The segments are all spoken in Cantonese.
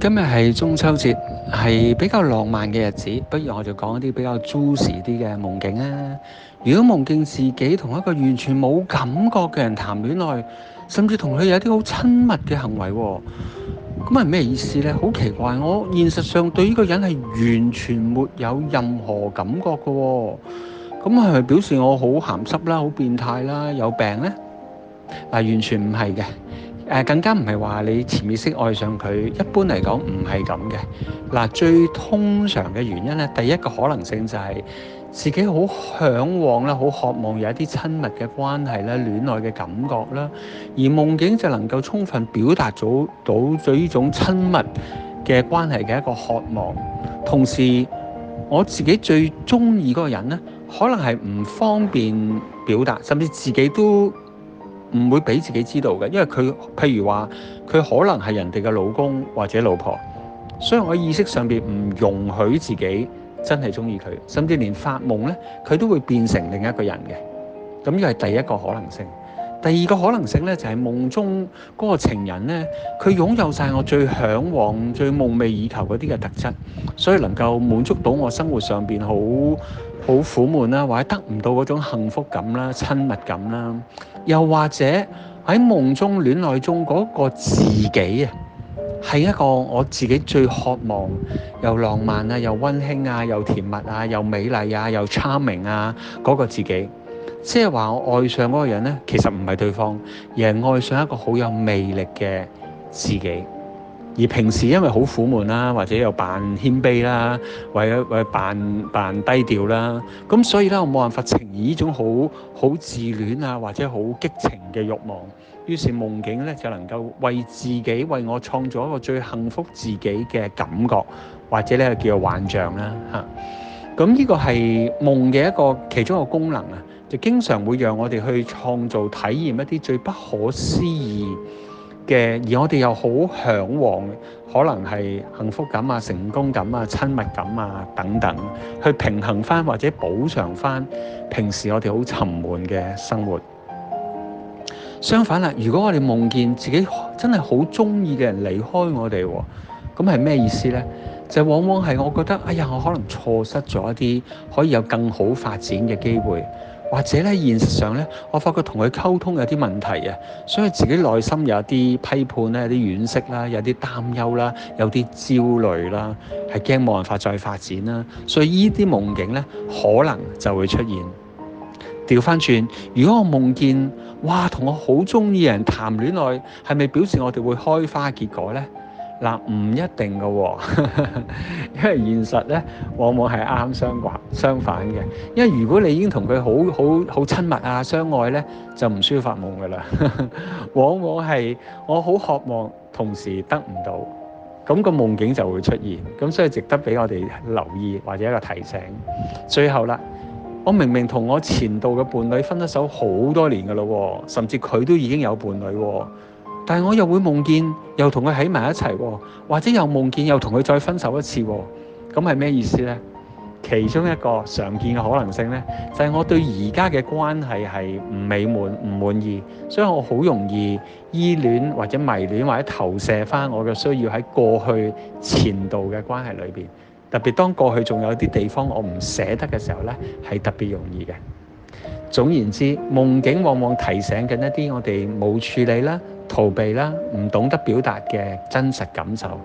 今日係中秋節，係比較浪漫嘅日子，不如我就講一啲比較 juicy 啲嘅夢境啦。如果夢境自己同一個完全冇感覺嘅人談戀愛，甚至同佢有啲好親密嘅行為，咁係咩意思呢？好奇怪，我現實上對呢個人係完全沒有任何感覺嘅，咁係咪表示我好鹹濕啦、好變態啦、有病呢？嗱，完全唔係嘅。誒更加唔係話你潛意識愛上佢，一般嚟講唔係咁嘅。嗱，最通常嘅原因咧，第一個可能性就係自己好嚮往啦，好渴望有一啲親密嘅關係啦、戀愛嘅感覺啦，而夢境就能夠充分表達到到咗呢種親密嘅關係嘅一個渴望。同時，我自己最中意嗰個人呢，可能係唔方便表達，甚至自己都。唔會俾自己知道嘅，因為佢譬如話，佢可能係人哋嘅老公或者老婆，所以我意識上邊唔容許自己真係中意佢，甚至連發夢呢，佢都會變成另一個人嘅。咁又係第一個可能性，第二個可能性呢，就係夢中嗰個情人呢，佢擁有晒我最向往、最夢寐以求嗰啲嘅特質，所以能夠滿足到我生活上邊好。好苦悶啦、啊，或者得唔到嗰種幸福感啦、啊、親密感啦、啊，又或者喺夢中戀愛中嗰個自己啊，係一個我自己最渴望又浪漫啊、又溫馨啊、又甜蜜啊、又美麗啊、又 charming 啊嗰、嗰個自己，即係話我愛上嗰個人呢，其實唔係對方，而係愛上一個好有魅力嘅自己。而平時因為好苦悶啦，或者又扮謙卑啦，或者或扮扮低調啦，咁所以咧我冇辦法呈現呢種好好自戀啊，或者好激情嘅慾望。於是夢境咧就能夠為自己為我創造一個最幸福自己嘅感覺，或者咧叫做幻象啦嚇。咁、啊、呢個係夢嘅一個其中一個功能啊，就經常會讓我哋去創造體驗一啲最不可思議。嘅，而我哋又好嚮往，可能係幸福感啊、成功感啊、親密感啊等等，去平衡翻或者補償翻平時我哋好沉悶嘅生活。相反啦，如果我哋夢見自己真係好中意嘅人離開我哋，咁係咩意思咧？就是往往係我覺得，哎呀，我可能錯失咗一啲可以有更好發展嘅機會。或者咧，現實上咧，我發覺同佢溝通有啲問題啊，所以自己內心有啲批判咧、有啲惋惜啦、有啲擔憂啦、有啲焦慮啦，係驚冇辦法再發展啦，所以呢啲夢境咧，可能就會出現。掉返轉，如果我夢見，哇，同我好中意人談戀愛，係咪表示我哋會開花結果呢？嗱，唔、啊、一定噶喎、哦，因為現實呢，往往係啱相反，相反嘅。因為如果你已經同佢好好好親密啊、相愛呢，就唔需要發夢噶啦。往往係我好渴望，同時得唔到，咁、那個夢境就會出現，咁所以值得俾我哋留意或者一個提醒。最後啦，我明明同我前度嘅伴侶分咗手好多年噶咯、哦，甚至佢都已經有伴侶喎、哦。但係我又會夢見又同佢喺埋一齊喎，或者又夢見又同佢再分手一次喎。咁係咩意思呢？其中一個常見嘅可能性呢，就係我對而家嘅關係係唔美滿、唔滿意，所以我好容易依戀或者迷戀或者投射翻我嘅需要喺過去前度嘅關係裏邊。特別當過去仲有啲地方我唔捨得嘅時候呢，係特別容易嘅。總言之，夢境往往提醒緊一啲我哋冇處理啦。逃避啦，唔懂得表達嘅真實感受，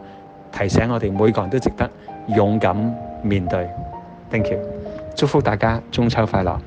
提醒我哋每個人都值得勇敢面對。Thank you，祝福大家中秋快樂。